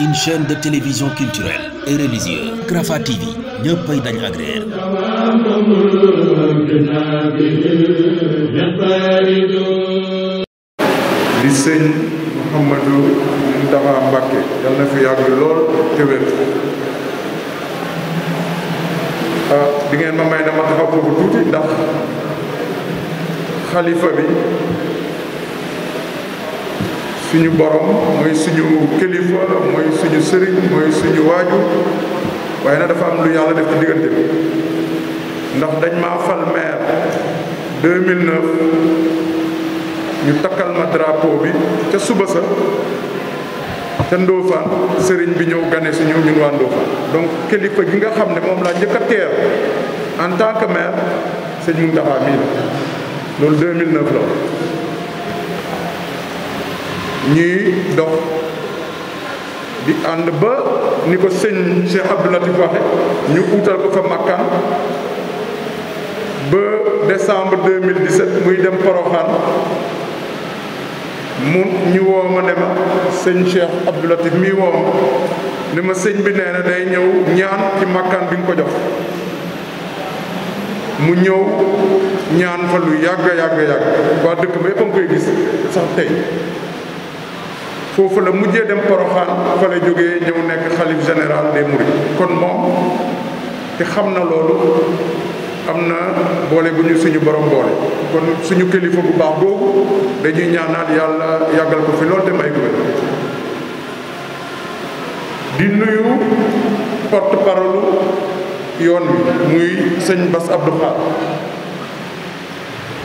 une chaîne de télévision culturelle et religieuse Rafah TV yal na fi yàgg lool te wér ah, di ngeen ma may dama taxaw foofu tuuti ndax xalifa bi suñu borom mooy suñu kilifa mooy suñu sëriñ mooy suñu waajur waaye nag dafa am lu yàlla def ci diggante bi ndax dañ maa fal maire 2009 ñu takkal ma drapeau bi ca suba sa ca Ndofane sëriñ bi ñëw gane si ñëw ñun waa Ndofane donc kilifa gi nga xam ne moom laa njëkk a teer en tant que maire sëñ Mountakha mii la loolu 2009 la ñuy dox di ànd ba ni ko sëñ Cheikh Abdou Latif waxe ñu utal ko fa makkaan ba décembre 2017 muy dem Poroxaan mu ñu woo ma ne ma sëñ Cheikh Abdou Latif woo ma ne ma sëñ bi nee na day ñëw ñaan ci makkaan bi nga ko jox mu ñëw ñaan fa lu yàgg yàgg yàgg waa dëkk ba yëpp a koy gis sax tey foofu la mujjee dem Poroxaan fa la jógee ñëw nekk xalif général des Mourides kon moom te xam na loolu am na boole bu ñu suñu borom boole kon suñu kilifa bu baax boobu dañuy ñaanaat yàlla yàggal ko fi loolu te may ko di nuyu porte parole yoon bi muy sëñ Bass Abdou Khadre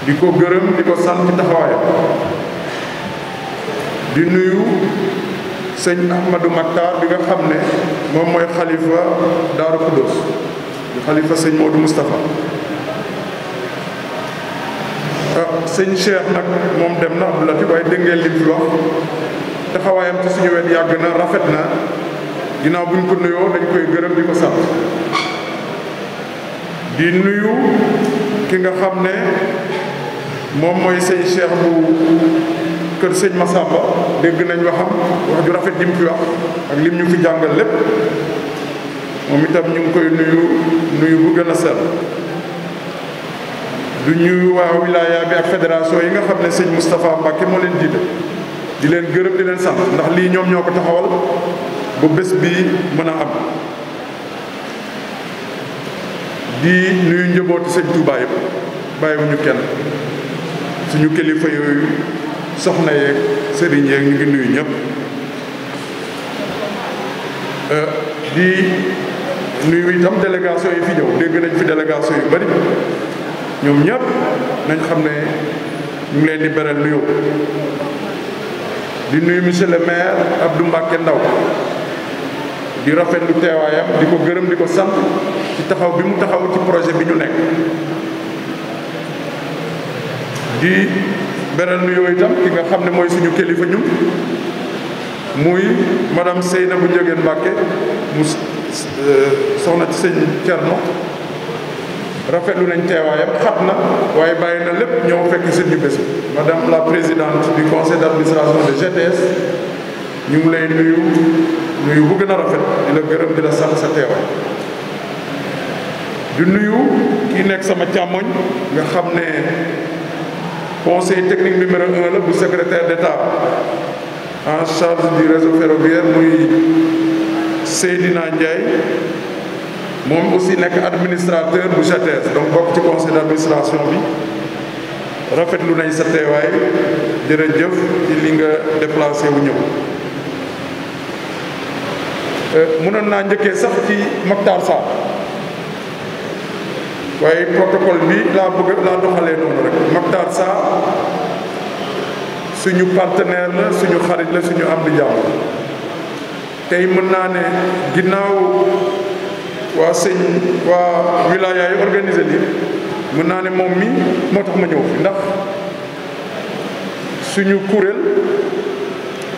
di ko gërëm di ko sant taxawaayam di nuyu sëñ Ahmadou Maktar bi nga xam ne moom mooy xalifa Daaru Kudos di xalifa sëñ Modou Moustapha ah sëñ nag moom dem na Abdou Latif waaye dégg ngeen fi wax taxawaayam ci suñu wet yàgg na rafet na ginnaaw buñ ko nuyoo dañ koy gërëm di ko sant di nuyu ki nga xam ne moom mooy sëñ Cheikh bu kër sëñ Massamba dégg nañ waxam wax ju rafet lim fi wax ak lim ñu fi jàngal lépp moom itam ñu ngi koy nuyu nuyu bu gën a sell du ñuy waa wilaya bi ak fédération yi nga xam ne sëñ Moustapha Mbacke moo leen jiite di leen gërëm di leen sant ndax lii ñoom ñoo ko taxawal bu bés bii mën a am di nuyu njëbooti sëñ Touba yëpp bàyyiwuñu kenn suñu kilifa yooyu soxna yee sëriñ yeeg ñu ngi nuyu ñëpp euh, di nuyu itam délégation yi fi ñëw dégg nañ fi délégation yu bari ñoom ñëpp nañ xam ne ñu ngi leen di beral nuyu di nuyu monsieur le maire Abdou Mbacke Ndaw di rafetlu teewaayam di ko gërëm di ko sant ci taxaw bi mu taxaw ci projet bi ñu nekk di beral nuyoo itam ki nga xam ne mooy suñu kilifa ñun muy madame Seynabou Ndiogène Mbacké mu euh, soxna ci sëñ Thierno rafetlu nañ teewaayam xat na waaye bàyyi na lépp ñoo fekk seen ñu bés madame la présidente du conseil d'administration de GTS ñu ngi lay nuyu nuyu bu gën a rafet di gërëm di la sant sa teewaay di nuyu ki nekk sama càmmoñ nga xam ne conseil technique numéro un la bu secrétaire d'État en charge du réseau ferroviaire muy Seydina Ndiaye moom aussi nekk administrateur bu JATES donc bokk ci conseil d'administration bi rafetlu nañ sa teewaay jërëjëf ci li nga déplacé wu ñëw euh, mënoon naa njëkkee sax ci Mokhtar Sarr waaye protocole bi laa bëgg laa doxalee noonu rek Mactar Sarr suñu partenaire la suñu xarit la suñu am di jàmm tey mën naa ne ginnaaw waa sëñ waa wilaya yi organisé mën naa ne moom mi moo tax ma ñëw fi ndax suñu kuréel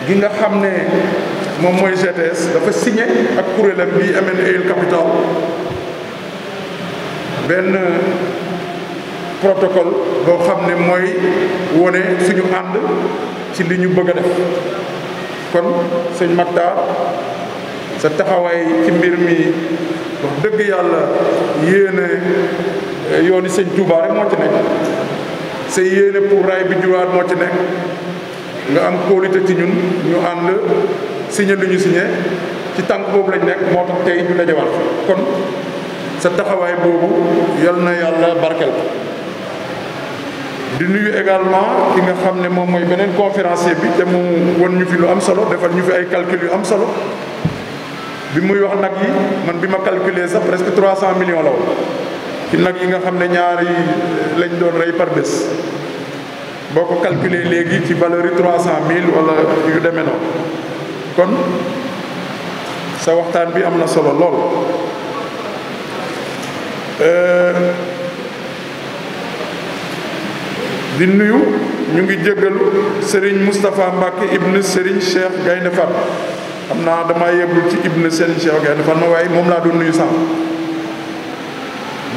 gi nga xam ne moom mooy GTS dafa signé ak kuréelam bi MNEL Capital benn protocole boo xam ne mooy wone suñu ànd ci li ñu bëgg a def kon sëñ Makhtar sa taxawaay ci mbir mi wax dëgg yàlla yéene eh, yooni sëñ Touba rek moo ci nekk sa yéene pour raay bi juwaat moo ci nekk nga am kóolite ci ñun ñu ànd signé li ñu signé ci tànk boobu lañ nekk moo tax tey ñu dajewaat kon sa taxawaay boobu yal na yàlla barkel ko di nuyu également ki nga xam ne moom mooy beneen conférencier bi te mu won ñu fi lu am solo defal ñu fi ay calcul yu am solo bi muy wax nag yi man bi ma calculer sax presque trois cent millions la ci nag yi nga xam ne ñaari lañ doon rey par bés boo ko calculer léegi ci valeur yi trois cent mille walla yu demee noonu kon sa waxtaan bi am na solo lool Euh, di nuyu ñu ngi jéggalu Serigne Moustapha Mbacke ibn Serigne Cheikh Gaynde Fat xam naa damaa yeblu ci ibn Serigne Cheikh Gaynde Fat ma waaye moom laa doon nuyu sax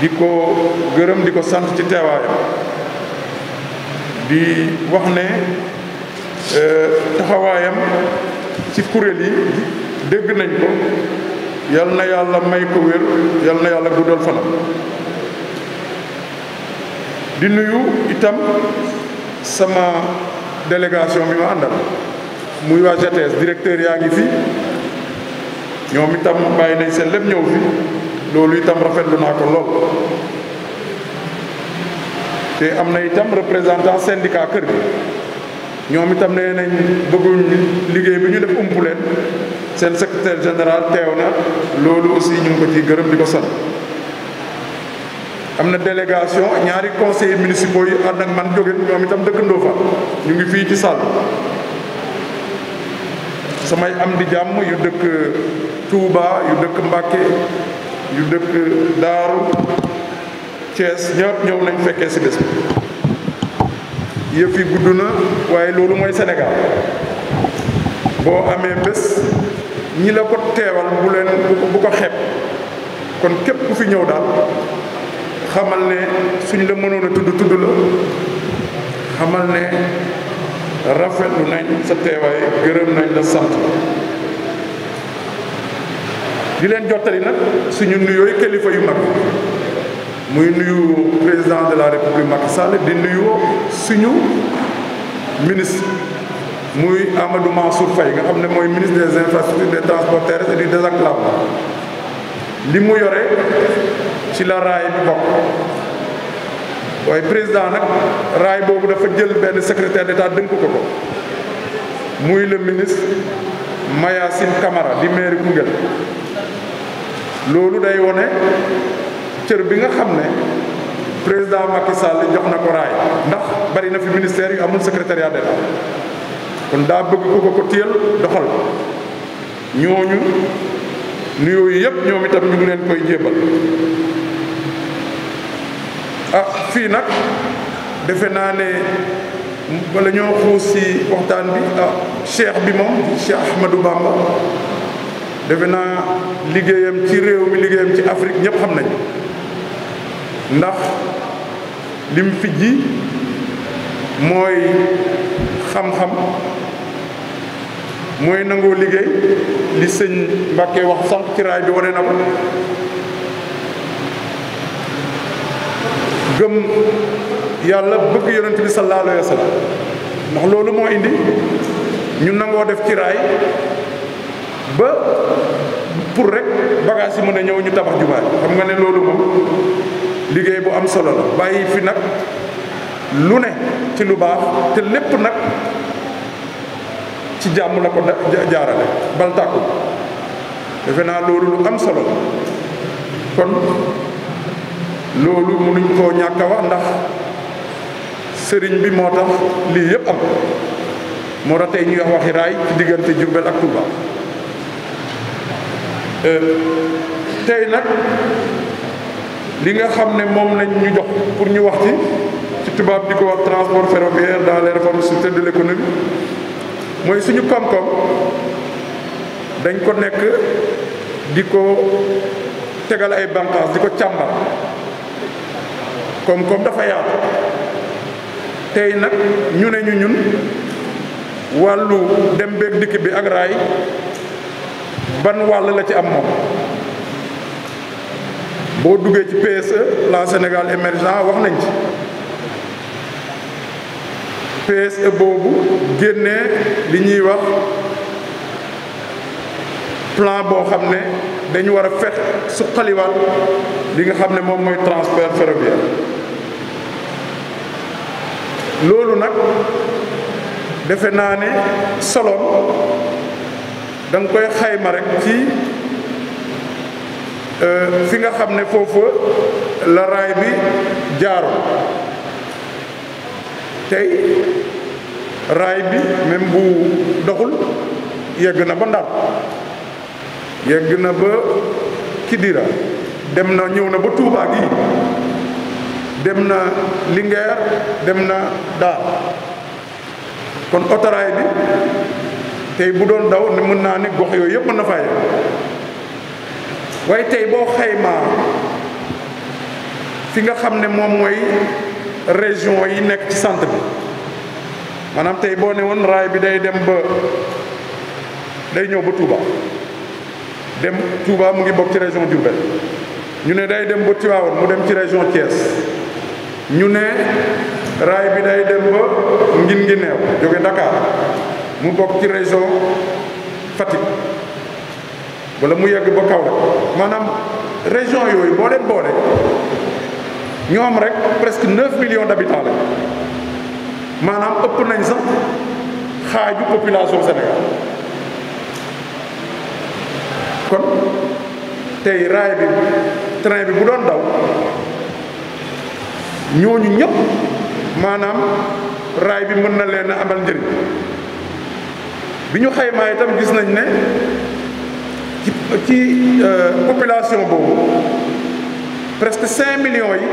di ko gërëm di ko sant ci teewaayam di wax ne euh, taxawaayam ci kuréel yi dégg nañ ko yal na yàlla may ko wér yal na yàlla guddal fanam di nuyu itam sama délégation bi ma àndal muy waa GTS directeur yaa ngi fi ñoom itam bàyyi nañ seen lépp ñëw fi loolu itam rafetlu naa ko lool te am na itam représentant syndicat kër gi ñoom itam nee nañ bëgguñ liggéey bi ñu def ump leen seen secrétaire général teew na loolu aussi ñu ngi ko ciy gërëm di ko sant am na délégation ñaari conseillers municipaux yi am ak man jóge ñoom itam dëkkandoo fa ñu ngi fii ci sàll samay am di jàmm yu dëkk Touba yu dëkk Mbàkke yu dëkk Daaru Thiès ñëpp ñëw nañ fekkee si bés bi yëf gudd na waaye loolu mooy Sénégal boo amee bés ñi la ko teewal bu leen bu ko xeeb kon képp ku fi ñëw daal xamal ne suñ la mënoon a tudd tudd la xamal ne rafetlu nañ sa teewaay gërëm nañ la sant di leen jottali nag suñu nuyooyu kilifa yu mag muy nuyu président de la république Macky Sall di nuyu suñu ministre muy Amadou Mansour Faye nga xam ne mooy ministre des infrastructures des transports terrestres et du désenclavement li mu yore ci la raay bi bokk waaye président nag raay boobu dafa jël benn secrétaire d'état dënk ko ko muy le ministre Mayacine Camara di maire Koungheul loolu day wone cër bi nga xam ne président Macky Sall jox na ko raay ndax bari na fi ministère yu amul secrétariat d'état kon daa bëgg ku ko ko téyal doxal ñooñu nuyoo yi yépp ñoom itam ñu ngi leen koy jébal ah fii nag defe naa ne bala ñoo xuus si waxtaan bi ah cheikh bi moom Cheikh Ahmadou Bamba defe naa liggéeyam ci réew mi liggéeyam ci Afrique ñëpp xam nañ ndax lim fi ji mooy xam-xam mooy nangoo liggéey li sëñ Mbàkke wax sànq ci raay bi wane na ko gëm yàlla bëgg yonent bi sallallahu alayhi wa sallam ndax loolu moo indi ñu nangoo def ci raay ba pour rek bagage yi mën a ñëw ñu tabax jumaa xam nga ne loolu moom liggéey bu am solo la bàyyi fi nag lu ne ci lu baax te lépp nag ci jàmm la ko jaarale bal tàkku naa loolu lu am solo kon loolu mënuñ koo ñàkk a wax ndax sëriñ bi moo tax lii yëpp am moo tax tey ñuy wax waxi raay ci diggante Diourbel ak Touba euh, tey nag li nga xam ne moom lañ ñu jox pour ñu wax ci ci tubaab di ko wax transport ferroviaire dans les réformes structurelles de l'économie mooy suñu koom-koom dañ ko nekk di ko tegal ay banqaas di ko càmbar koom-koom dafa yaatu tey nag ñu ne ñu ñun wàllu dem beeg dikk bi ak raay ban wàll la ci am moom boo duggee ci PSE plan Sénégal émergent wax nañ ci PSE boobu génnee li ñuy wax plan boo xam ne dañu war a fet suqaliwaat li nga xam ne moom mooy transport ferroviaire loolu nag defe naa ne solo da koy xayma rek ci euh, fi nga xam ne foofu la raay bi jaaro tey raay bi même bu doxul yegg na ba Ndar yegg na ba Kidira dem na ñëw na ba Touba gi dem na Linguère dem na Daar kon autoraay bi tey bu doon daw mën naa ne gox yooyu yëpp mën na fay waaye tey boo xaymaa fi nga xam ne moom mooy région yi nekk ci sant bi maanaam tey boo ne woon raay bi day dem ba day ñëw ba Touba dem Touba mu ngi bokk ci région Diourbel ñu ne day dem ba Tivaouane mu dem ci région Thiès ñu ne raay bi day dem ba ngin ngi neew jóge Dakar mu bokk ci région Fatick wala mu yegg ba Kaolack maanaam région yooyu boo leen boole ñoom rek presque 9 millions d'habitants la maanaam ëpp nañ sax xaaju population Sénégal kon tey raay bi train bi bu doon daw ñooñu ñëpp maanaam raay bi mën na leen a amal njëriñ bi ñu xaymaa itam gis nañ ne ci ci euh, population boobu presque cinq millions yi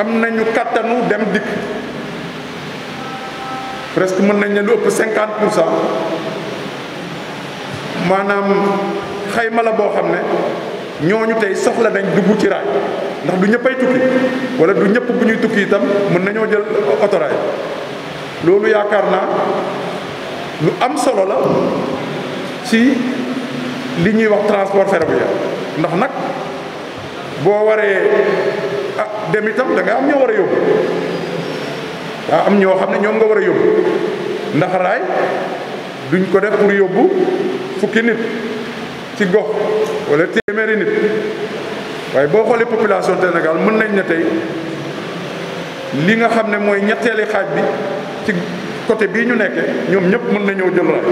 am nañu kattanu dem dikk presque mën nañ ne lu ëpp cinquante pour cent maanaam xayma la boo xam ne ñooñu tey soxla nañ dugg ci raay ndax du ñëppay tukki wala du ñëpp bu ñuy tukki itam mën nañoo jël otoraay loolu yaakaar naa lu am solo la ci li ñuy wax transport ferroviaire ndax nag boo waree ah dem itam da am ñoo war a yóbbu daa am ñoo xam ne ñoom nga war a yóbbu ndax raay duñ ko def pour yóbbu fukki nit ci gox wala téeméeri nit waaye boo xoolee population Sénégal mën nañ ne tey li nga xam ne mooy ñetteeli xaaj bi ci côté bii ñu nekkee ñoom ñëpp mën nañoo jël raay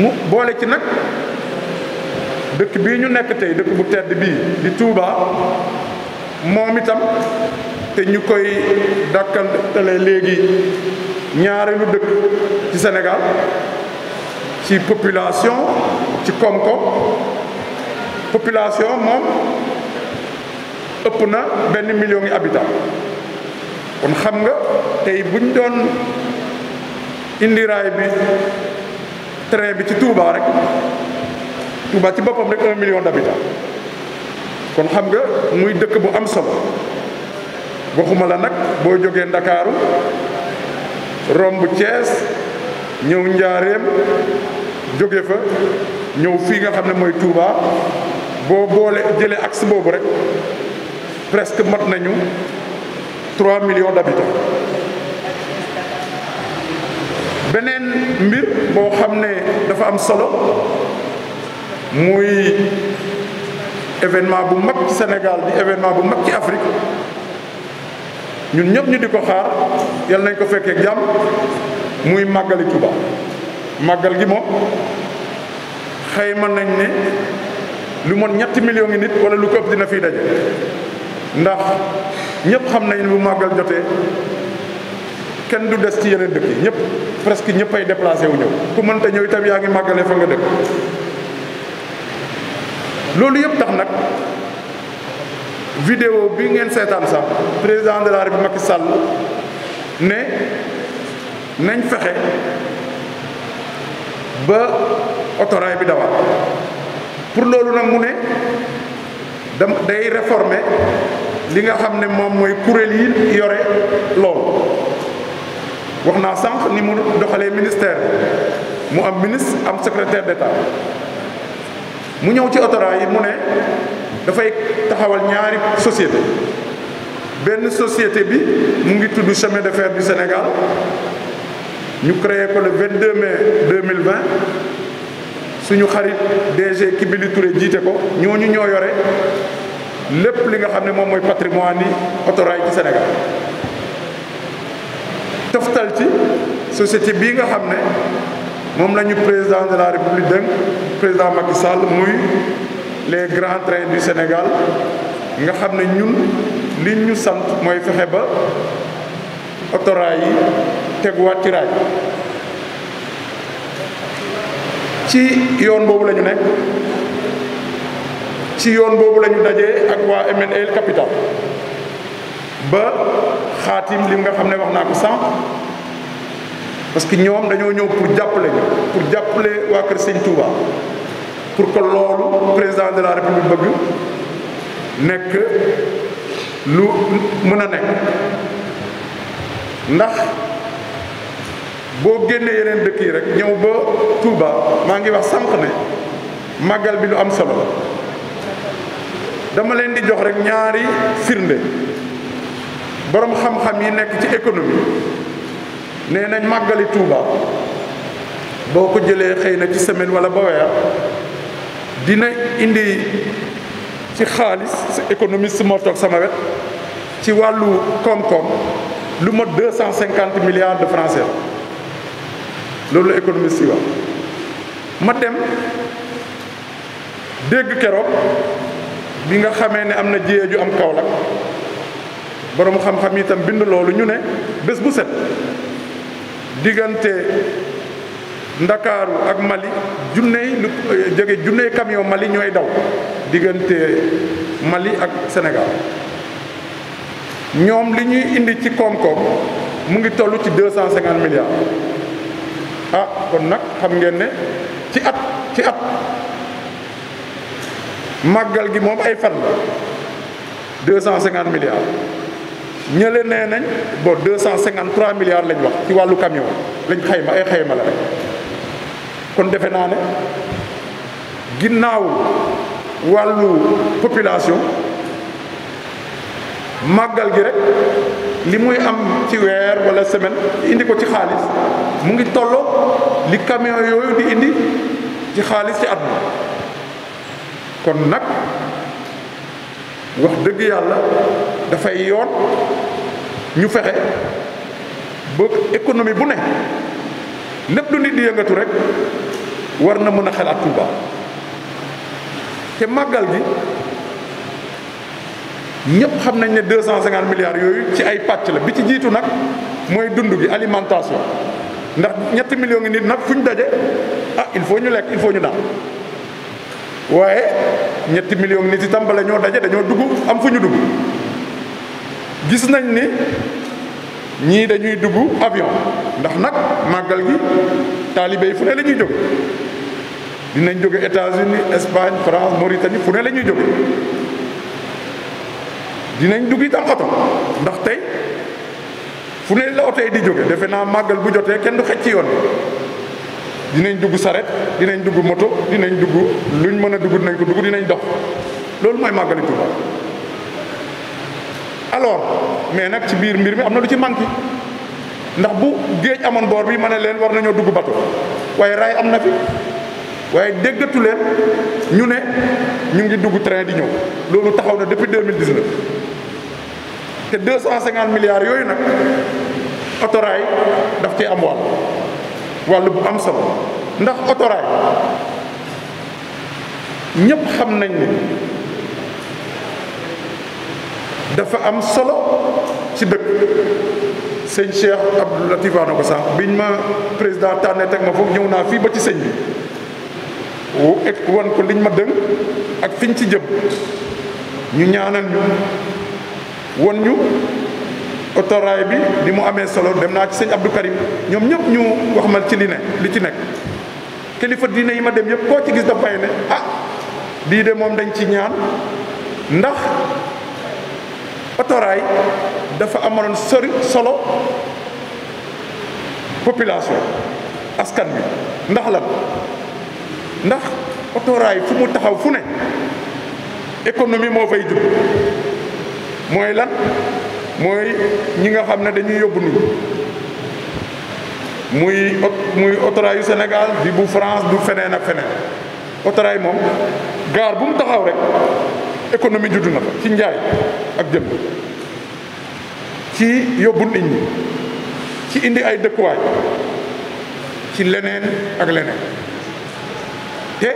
mu boole ci nag dëkk bii ñu nekk tey dëkk bu tedd bii di Touba moom itam te ñu koy dàkkantale léegi ñaareelu dëkk ci Sénégal ci population ci koom-koom population moom ëpp na benn million yi habitant kon xam nga tey buñ doon indi raay bi train bi ci Touba rek Touba ci boppam rek un million d'habitants kon xam nga muy dëkk bu am solo waxuma la nag boo jógee ndakaaru romb Thiès ñëw njaareem jóge fa ñëw fii nga xam ne mooy Touba boo boole jëlee ak boobu rek presque mat nañu 3 millions d'habitants beneen mbir boo xam ne dafa am solo muy événement bu mag ci Sénégal di événement bu mag ci Afrique ñun ñëpp ñu di ko xaar yal nañ ko fekkee jàmm muy màggali Touba màggal gi moom xayma nañ ne lu mot ñetti million ngi nit wala lu ko ëpp dina fiy daje ndax ñëpp xam nañ bu màggal jotee kenn du des ci yeneen dëkk yi ñëpp presque ñëpp ay déplacé wu ñëw ku mënta ñëw itam yaa ngi màggalee fa nga dëkk loolu yëpp tax nag vidéo bi ngeen seetaan sax président de la ma ki sàll ne nañ fexe ba autorail bi dawaat pour loolu nag mu ne dam day réformer li nga xam ne moom mooy kuréel yi yore loolu wax naa sanq ni mu doxalee ministère mu am ministre am secrétaire d'État mu ñëw ci autorail yi mu ne dafay taxawal ñaari société benn société bi mu ngi tudd chemin de fer du Sénégal ñu créé ko le 22 mai 2020 suñu xarit DG Kibili toure jiite ko ñooñu ñoo yore lépp li nga xam ne moom mooy patrimoine yi autorail ci Sénégal toftal ci société bii nga xam ne moom la ñu président de la république dënk président Macky Sall muy les grands trains du Sénégal nga xam ne ñun li ñu sant mooy fexe ba autoraay yi teguwaat ci ci yoon boobu lañu nekk ci yoon boobu lañu daje ak waa MNL Capital ba xaatim li nga xam ne wax naa ko sànq parce que ñoom dañoo ñëw pour jàppale ñu pour jàppale waa Kër Sëñ Touba pour que loolu président de la république bëgg nekk lu mën a nekk ndax boo génnee yeneen dëkk yi rek ñëw ba Touba maa ngi wax sànq ne màggal bi lu am solo la dama leen di jox rek ñaari firnde boroom xam-xam yi nekk ci économie nee nañ màggali Touba boo ko jëlee xëy na ci semaine wala ba weer dina indi ci xaalis sa économiste moo sama wet ci wàllu koom-koom lu mot deux cent cinquante milliards de francs loolu la économiste yi wax ma dem dégg keroog bi nga xamee ne am na jiyee ju am Kaolack boroom xam-xam itam bind loolu ñu ne bés bu set diggante ndakaaru ak Mali junney lu eh, jóge junney camion Mali ñooy daw diggante Mali ak Sénégal ñoom li ñuy indi ci koom-koom mu ngi toll ci deux cent cinquante ah kon nag xam ngeen ne ci at ci at màggal gi moom ay fan la deux cent cinquante milliards ñële nee nañ bon deux cent cinquante trois milliards lañ wax ci wàllu camion lañ xayma ay xayma la rek kon defe naa ne ginnaaw wàllu population màggal gi rek li muy am ci weer walla semaine indi ko ci xaalis mu ngi tolloo li camion yooyu di indi ci xaalis ci at mi kon nag wax dëgg yàlla dafay yoon ñu fexe ba économie bu ne lépp lu nit di yëngatu rek war na mën a xalaat Touba te màggal gi ñëpp xam nañ ne deux cent cinquante milliards yooyu ci ay pàcc la bi ci jiitu nag mooy dund gi alimentation ndax ñetti millions ngi nit nag fu ñu daje ah il faut ñu lekk il faut ñu naan. waaye ñetti million nit yi bala ñoo daje dañoo dugg am fu ñu dugg gis nañ ni ñii dañuy dugg avion ndax nag màggal gi taalibe yi fu ne lañuy ñuy jóge dinañ jóge États-Unis Espagne France Mauritanie fu ne la ñuy jóge dinañ dugg itam oto ndax tey fu ne la oto yi di jóge defe naa màggal bu jotee kenn du xëcc ci yoon dinañ dugg saret dinañ dugg moto dinañ dugg luñ mën a dugg dinañ ko dugg dinañ dox loolu mooy màggali Tuuba alors mais nag ci biir mbir mi am na lu ci manqué ndax bu géej amoon boor bi ma ne leen war nañoo dugg bato waaye raay am na bi waaye déggatu leen ñu ne ñu ngi dugg train di ñëw loolu taxaw na depuis 2019 te cinquante milliards yooyu nag autorail daf cee am wàll wàll bu am solo ndax otoraay ñépp xam nañ ni dafa am solo ci dëkk sëñ Cheikh Abdou Latif ko sànq biñ ma président tànnee teg ma foofu ñëw naa fii ba ci sëñ bi wu ek wan ko liñ ma dëng ak fiñ ci jëm ñu ñaanal ñu won ñu autorail bi ni mu amee solo dem naa ci señ Abdou Karim ñoom ñëpp ñu wax ma ci li ne li ci nekk kilifa diine yi ma dem yëpp koo ci gis dafay ne ah lii de moom dañ ci ñaan ndax autorail dafa amoon sori solo population askan bi ndax lan ndax autorail fu mu taxaw fu ne économie moo fay jub mooy lan mooy ñi nga xam ne dañuy yóbbu nit muy muy autorail yu Sénégal di bu France du feneen ak feneen autorail moom gaar bu mu taxaw rek économie juddu na ci njaay ak jëmm ci yóbbu nit ñi ci indi ay dëkkuwaay ci leneen ak leneen te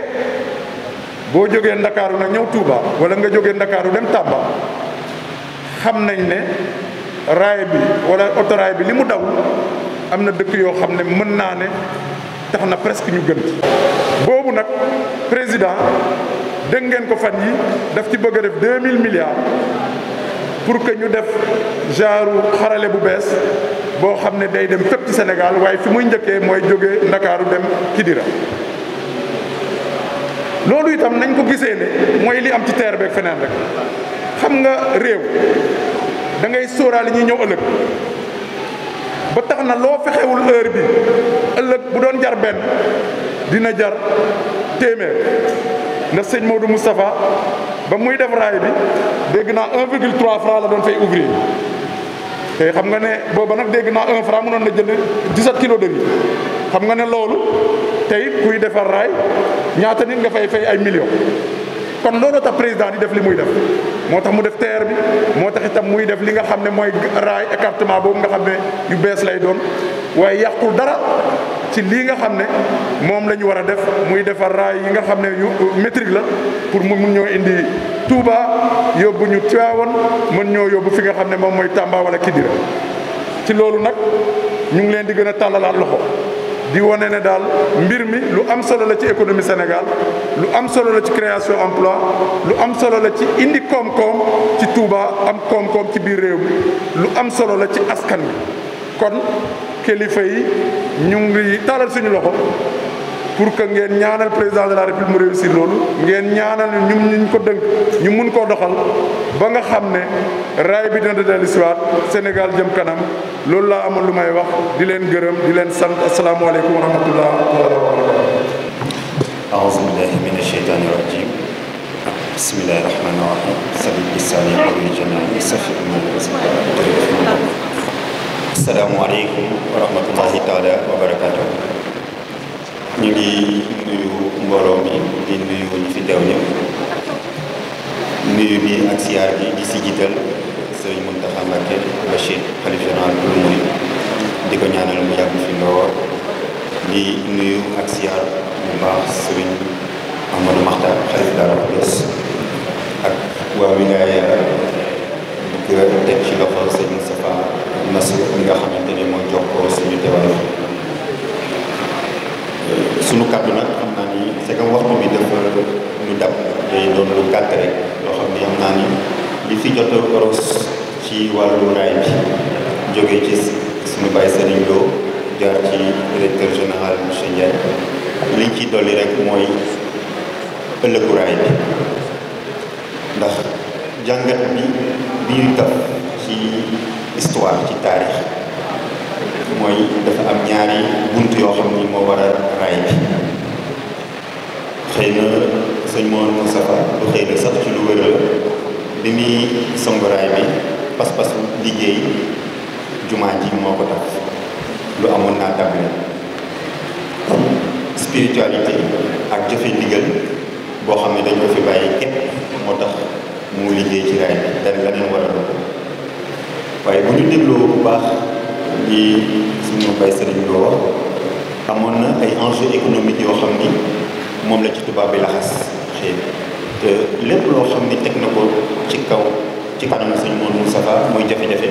boo jógee Ndakaaru nag ñëw Touba wala nga jógee Ndakaaru dem Tamba xam nañ ne raay bi wala autoraay bi li mu dawul am na dëkk yoo xam ne mën naa ne tax na presque ñu gën boobu nag président dégg ngeen ko fan yi daf ci bëgg a def deux mille milliards pour que ñu def genre xarale bu bees boo xam ne day dem fépp ci Sénégal waaye fi muy njëkkee mooy jóge Ndakaaru dem Kidira loolu itam nañ ko gisee ne mooy li am ci terre feneen rek xam nga réew da ngay sóoraale ñi ñëw ëllëg ba tax na loo fexewul heure bi ëllëg bu doon jar benn dina jar téeméer ndax sëñ Maodo Moustapha ba muy def raay bi dégg naa 1,3 franc la doon fay ouvrier te xam nga ne booba nag dégg naa 1 franc mënoon na jënd 17 kilos de riz xam nga ne loolu tey kuy defar raay ñaata nit nga fay fay ay millions. kon looloo tax président di def li muy def moo tax mu def terre bi moo tax itam muy def li nga xam ne mooy raay écartement boobu nga xam ne yu bees lay doon waaye yàqul dara ci lii nga xam ne moom lañu war a def muy defar raay yi nga xam ne yu métrique la pour mu mun ñoo indi Touba yóbbu ñu Tivaouane mën ñoo yóbbu fi nga xam ne moom mooy Tamba wala Kidira ci loolu nag ñu ngi leen di gën a tàllalaat loxo di wane ne daal mbir mi lu am solo la ci économie Sénégal lu am solo la ci création emploi lu am solo la ci indi koom-koom ci Touba am koom-koom ci biir réew mi lu am solo la ci askan wi kon kilifa yi ñu ngi talal suñu loxo pour que ngeen ñaanal président de la république mu réussir loolu ngeen ñaanal ñu ñu ko dënk ñu mën koo doxal ba nga xam ne raay bi dina dellu si waat Sénégal jëm kanam loolu laa amoon lu may wax di leen gërëm di leen sant asalaamaaleykum wa rahmatullah taala wa barakatu aouzu billahi min asheytaani rajim bismillahi rahmaani rahim sabil lisaani qawli janaani safi amani asalaamaaleykum wa rahmatullahi taala wa barakatuh ñu ngi nuyu mbooloo mi di nuyu ñu fi teew ñëpp nuyu bi ak siyaar bi di si jiital sëriñ Mountakha Mbacké Bachir xalif général bu Mouride di ko ñaanal mu yàgg fi lool di nuyu ak siyaar bu baax sëriñ Amadou Makhtar xalif dara bu bees ak waa wilaaya di ko teg ci loxo sëriñ Moustapha Massour mi nga xamante ni moo jox ko suñu teewaay sunu kàddu nag xam naa ni c'est waxtu bi dafa ñu dab day doon lu gàtt rek loo xam ne xam ni li fi jot boros ci wàllu raay bi jógee ci suñu bàyyi Serigne Lo jaar ci directeur général monsieur liñ ci dolli rek mooy ëllëgu raay bi ndax jàngat bi bi ñuy ci histoire ci taarix mooy dafa am ñaari bunt yoo xam ni moo war a raay bi xëy na sëñ moon Moustapha du xëy na sax ci lu wér bi muy song raay bi pas-pasu liggéey jumaa ji moo ko tax lu amoon naa dàmbale spiritualité ak jëfe ndigal boo xam ne dañ fi bàyyi képp moo tax mu liggéey ci raay bi dara leneen war a waaye bu ñu dégloo bu baax lii suñu bay sëriñ amoon na ay enjeux économiques yoo xam ni moom la ci tubaab bi laxas xëy lépp loo xam ni teg na ko ci kaw ci kanamu sëñ Modou mooy jafe-jafe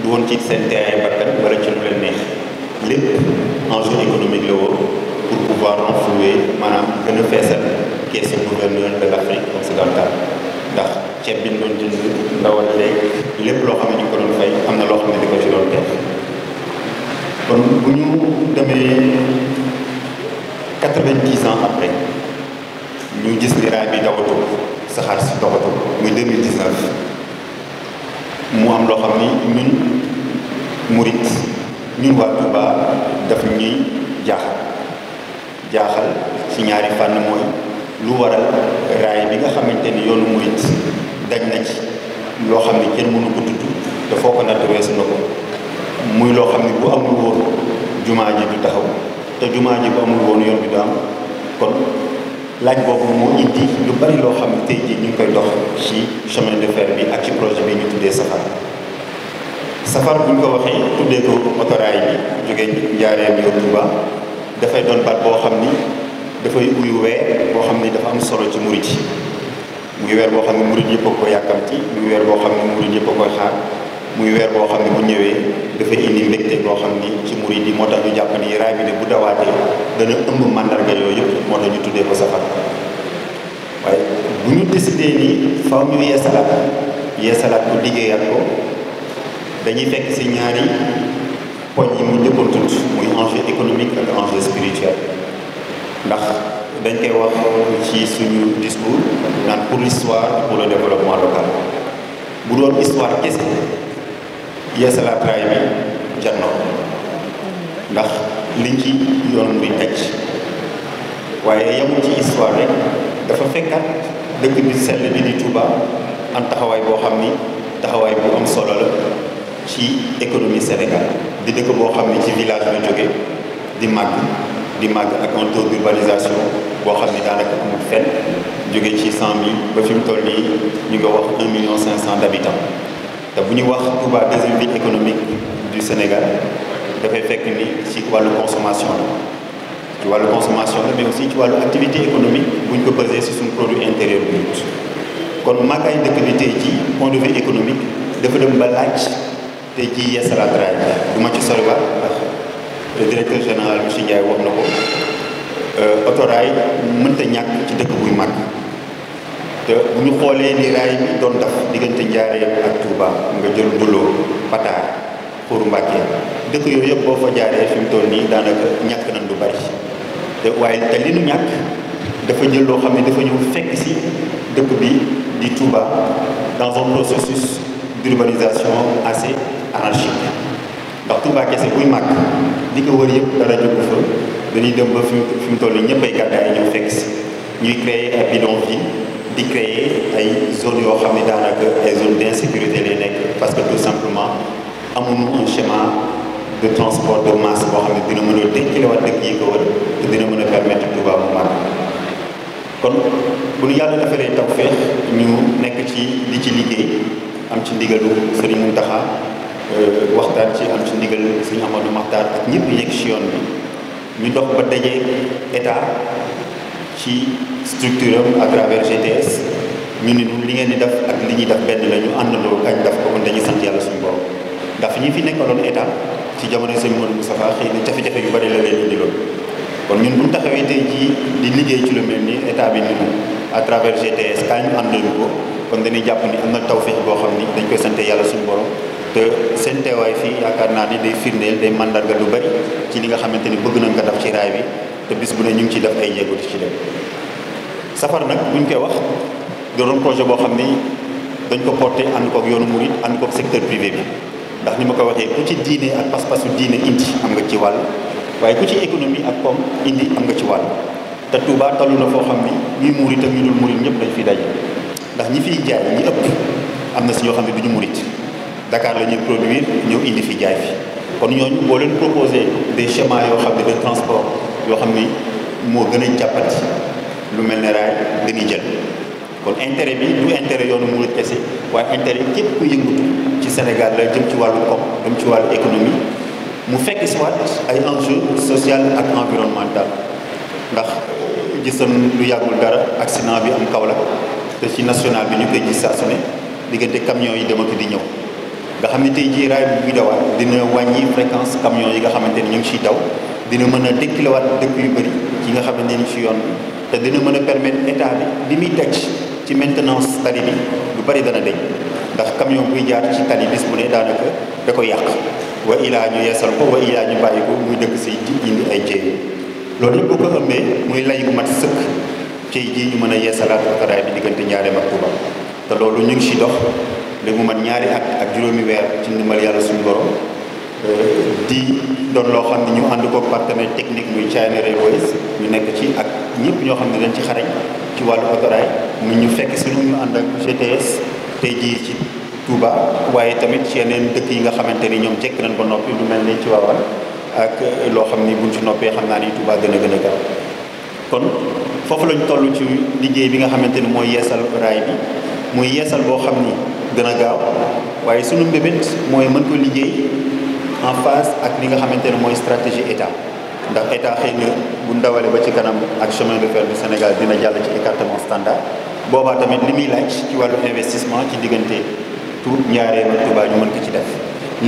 du woon ci seen terrain bakkan wala ci lu leen neex lépp enjeu économique la woon pour pouvoir renflouer maanaam gën a feesal keesu gouverneur de l'Afrique occidentale ndax ceeb bi ñu doon jënd ndawal léegi lépp loo xam ne ñu ko doon fay am na loo xam ne di ko ci doon teg kon bu ñu demee quatre-vingt-dix ans après ñu gis ni raay bi dawatu saxaar si dawatu muy deux mille dix-neuf mu am loo xam ni ñun murit ñun waa Touba daf ñuy jaaxal jaaxal ci ñaari fànn mooy lu waral raay bi nga xamante ni yoonu murit daj na ci loo xam ni kenn mënu ko tudd te foo ko natt weesu na ko muy loo xam ne bu amul woon jumaa ji du taxaw te jumaa ji bu amul woon yoon bi du am kon laaj boobu moo indi lu bari loo xam ne tey jii ñu ngi koy dox ci chemin de fer bi ak ci projet bi ñu tuddee safar safar bu ñu ko waxee tuddee ko motoraay bi jógee njaareen yow Touba dafay doon baat boo xam ni dafay uy weer boo xam ni dafa am solo ci murit yi muy weer boo xam ne murit yëpp a ko yàkkamti muy weer boo xam ne murit yëpp a koy xaar muy weer boo xam ne bu ñëwee dafay indi mbégte boo xam ni ci murid yi moo tax ñu jàpp ni raay bu dawaatee dana ëmb màndarga yooyu yëpp moo tax ñu tuddee ko safar waaye bu ñu décidé ni faw ñu yeesalaat yeesalaat ko liggéeyaat ko dañuy fekk si ñaari poñ yi mu njëkkoon tudd muy enjeu économique ak enjeu spirituel ndax dañ koy wax ci suñu discours naan pour l'histoire pour le développement local bu doon histoire kese yeesalaat raay bi jar ko ndax liñ ci yoon bi daj waaye yamul ci histoire rek dafa fekkaat dëkk bi sell bi di Touba am taxawaay boo xam ni taxawaay bu am solo la ci économie Sénégal di dëkk boo xam ni ci village la jóge di màgg di màgg ak un taux boo xam ni daanaka amul fenn jóge ci cent mille ba fi mu toll nii ñu nga wax un million cinq cent d'habitants te bu ñu wax Touba deuxième ville économique du Sénégal dafay fekk ni ci wàllu consommation la ci wàllu consommation la mais aussi ci wàllu activité économique bu ñu ko basé sur suñu produit intérieur brut kon màggaay dëkk bi tey jii point de vue économique dafa dem ba laaj ji jii yeesalaat raay du ma ci soriwaat ndax le directeur général monsieur Ndiaye wax na ko euh, autorail mënta ñàkk ci dëkk buy màgg te bu ñu xoolee ni raay bi doon daf diggante Njaaréem ak Touba nga jël Nduloo Pataar Xur Mbàkke dëkk yooyu yëpp boo fa jaaree fi toll nii daanaka ñàkk nañ lu bari te waaye te li nu ñàkk dafa jël loo xam ne dafa ñëw fekk si dëkk bi di Touba dans un processus d'urbanisation assez anarchique ndax Touba kese buy màgg li ko wër yëpp dara jógu fa dañuy dem ba fi mu toll nii ñëpp ay gàddaay ñëw fekk si ñuy créer ay bidonville di créer ay zones yoo xam ne daanaka ay zones d' insécurité lay nekk parce que tout simplement amuñu un schéma de transport de masse boo xam ne dina mën a dénkilewaat dëkk yi ko wër te dina mën a permettre Touba mu mag kon bu ñu yàlla defalee tawfeex ñu nekk ci li ci liggéey am ci ndigalu Sëriñ Muntaxa euh, waxtaan ci am ci ndigal Sëriñ Amadou Maxtaar ak ñëpp yegg ci yoon bi ñu dox ba dajee état ci structure am à travers GTS ni ne li ngeen di def ak li ñuy def benn la ñu àndandoo kañ def ko kon dañuy sant yàlla suñu borom ndax ñi fi nekkaloon état ci jamono sëñ Modou Moustapha xëy na jafe yu bari la leen kon ñun bu ñu taxawee tey jii di liggéey ci lu mel ni état bi ni à travers GTS kaay ñu àndal ko kon dañuy jàpp ni am na tawfeex boo xam ni dañ koy sant yàlla suñu borom te seen teewaay fii yaakaar naa ni day firndeel day mandarga lu bari ci li nga xamante ni bëgg nañ ko def ci raay bi. te bis bu ne ñu ngi ciy def ay jéego ci dem safar nag buñ koy wax doon projet boo xam ni dañ ko porté ànd kook yoonu murit ànd kook secteur privé bi ndax ni ma koy waxee ku ci diine ak pas-pasu diine indi am nga ci wàll waaye ku ci économie ak koom indi am nga ci wàll te Touba tollu na foo xam ni ñuy murit ak ñu dul murit ñëpp dañ fiy daje ndax ñi fiy jaay ñi ëpp am na si ñoo xam ne du ñu murit Dakar la ñuy produire ñëw indi fi jaay fi kon ñooñu boo leen proposé des schémas yoo xam ne de transport yoo xam ni moo gën a jàppati lu mel ne raay dañuy jël kon intérêt bi du intérêt yoonu mu kese waaye intérêt képp ku ci Sénégal la jëm ci wàllu koom jëm ci wàllu économie mu fekk si waat ay enjeu social ak environnemental ndax gisam lu yàggul dara ak accident bi am Kaolack te ci national bi ñu koy gis saa su ne diggante camion yi dem ak di ñëw nga xam ne tey jii raay bi buy dawaat dina wàññi fréquence camion yi nga xamante ni ñu ngi ciy daw dina mën a dëkkilawaat dëkk yu bëri yi nga xam ni ci yoon te dina mën a permettre état bi li muy teg ci maintenance tali bi lu bari dana deñ ndax camion buy jaar ci tali bis bu ne daanaka da ko yàq wa ilaa ñu yeesal ko wa ilaa ñu bàyyi ko muy dëkk si di indi ay jéego loolu yëpp boo ko ëmbee muy lay gu mat sëkk cey jii ñu mën a yeesalaat autoraay bi diggante Njaaréem ak Touba te loolu ñu ngi si dox li mu mat ñaari at ak juróomi weer ci ndimbal yàlla suñu borom di doon loo xam ne ñu ànd ko partenaire technique muy China Railways ñu nekk ci ak ñëpp ñoo xam ne dañ ci xarañ ci wàllu autorail mu ñu fekk si ñu ànd ak GTS tey jii ci Touba waaye tamit ci yeneen dëkk yi nga xamante ni ñoom jekk nañ ba noppi lu mel ni ci waawal ak loo xam ni buñ ci noppee xam naa ni Touba gën a gën a gaaw kon foofu lañ toll ci liggéey bi nga xamante ni mooy yeesal raay bi muy yeesal boo xam ni gën a gaaw waaye sunu mbébét liggéey en phase ak li nga xamante ne mooy stratégie état ndax état xëy na bu ndawalee ba ci kanam ak chemin de fer du Sénégal dina jàll ci écartement standard boobaa tamit li muy laaj ci wàllu investissement ci diggante tout ñaaree ak Touba ñu mën ko ci def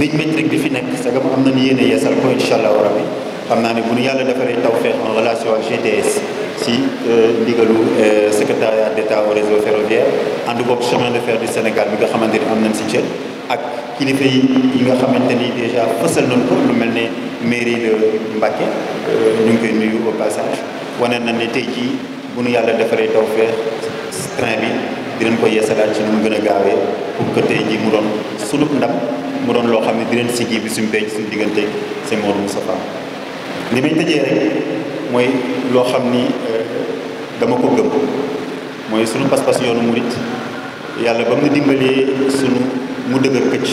ligne métrique bi fi nekk sagam am nañu yéene yeesal ko incha allahu rabbi xam naa ne bu nu yàlla defaree tawfeex en relation ak GTS ci euh, ndigalu euh, secrétariat d' état au réseau ferroviaire ànd koog chemin de fer Sénégal bi nga xamante ni am nañ si cër kilifa yi yi nga xamante nii déjà fësal nañ ko lu mel ne mairie de Mbacké euh, ñu ngi koy nuyu au passage nañ na ne tey jii bu nu yàlla defaree tawfeex train bi dinañ ko yeesalaat ci nu mu gën a gaawee pour que tey jii mu doon sunub ndam mu doon loo xam ne dinañ si ji bi suñu béy suñu diggante seen Modou Moustapha li may tëjee rek mooy loo xam ni euh, dama ko gëm mooy sunu pas-pas yoonu murit yàlla ba mu dimbalee sunu. mu dëgër këcc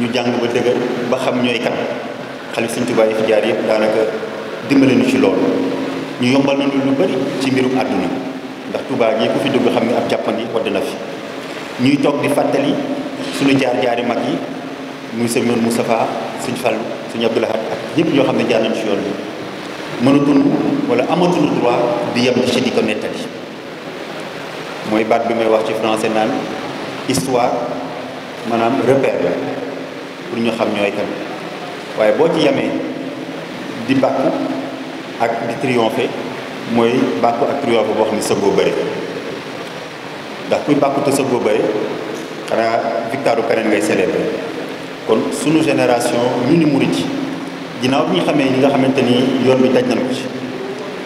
ñu jàng ba dëgër ba xam ñooy kan xalif Sëñ Tuubaa yi fi jaar yëpp daanaka dimbale nu ci loolu ñu yombal nañu lu bari ci mbirum àdduna ndax Tuubaa gi ku fi dugg xam ne ab jàppandi wadd na fi ñuy toog di fàttali suñu jaar-jaari mag yi muy sëñ yoon Moustapha sëñ Fallu sëñ Abdou Lahad ak ñëpp ñoo xam ne jaar nañ ci yoon bi mënatul wala amatul droit di yem ci di ko nettali mooy baat bi may wax ci français naan histoire maanaam repère la pour ñu xam ñooy kan waaye boo ci yamee di bàkku ak di triompher mooy bàkku ak triompher boo xam ne sëb boo bëri ndax kuy bàkku te sëb boo bëri xanaa victoire keneen ngay célébrer kon suñu génération ñu ni murit ci ginnaaw bi ñu xamee ñi nga xamante ni yoon bi daj na ko ci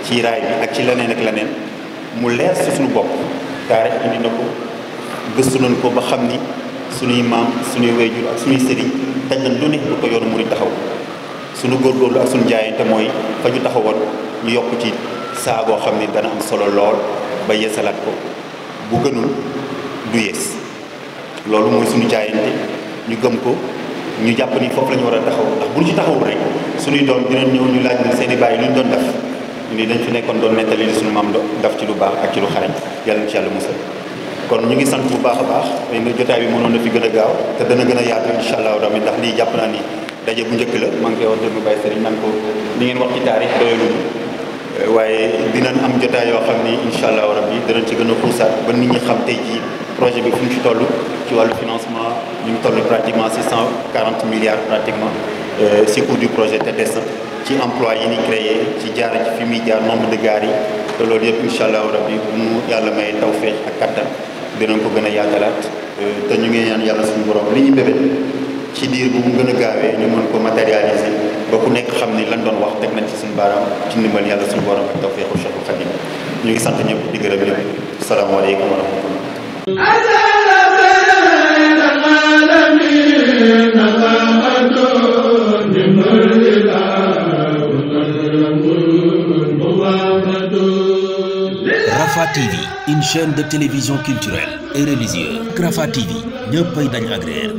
ci raay bi ak ci leneen ak leneen mu leer si suñu bopp taarix indi na ko gëstu nañ ko ba xam ni suñuy maam suñuy wayjur ak suñuy sëriñ daj nañ lu ne lu ko yoonu murid taxaw suñu góorgóorlu ak suñu jaayante mooy fa ñu taxawoon ñu yokk ci saa xam ne dana am solo lool ba yeesalaat ko bu gënul du yees loolu mooy suñu jaayante ñu gëm ko ñu jàpp ni foofu la ñu war a taxaw ndax bu ñu ci taxawul rek suñuy doom dinañ ñëw ñu laaj ñu seen i bàyyi lu ñu doon def ñu ni dañ fi nekkoon doon nettali li suñu maam daf ci lu baax ak ci lu xarañ yàlla na ci yàlla musal kon ñu ngi sant bu baax a baax xëy na jotaay na fi gën gaaw te dana gën a yaatu incha allahu rabbi ndax lii jàpp naa ni daje bu njëkk la maa ngi koy wax dëgg Baye Serigne ko li ngeen wax ci taarix doyalul waaye dinañ am jotaay yoo xam ni incha allahu rabbi danañ ci gën a xuusaat ba nit ñi xam tey jii projet bi fu ñu ci toll ci wàllu financement ñu ngi toll pratiquement six cent quarante milliards pratiquement si euh, coût du projet TEDES ci emploi yi ni créé ci jaar ci fi muy jaar nombre de gares yi loolu yëpp incha allahu rabbi mu yàlla may tawféex ak kattan dinañ ko gën a yàggalaat euh, te ñu ngi ñaan yàlla suñu borom li ñu bébét ci diir bu mu gën a gaawee ñu mën ko matérialiser ba ku nekk xam ni lan doon wax teg nañ ci suñu baaraam ci ndimbal yàlla suñu borom ak tawfeexu Cheikhul Khadim ñu ngi sant ñëpp di gërëm ñëpp salaamaaleykum wa rahmatullah Rafah TV une de télévision culturelle et religieuse Rafah TV ñëppay dañ agréer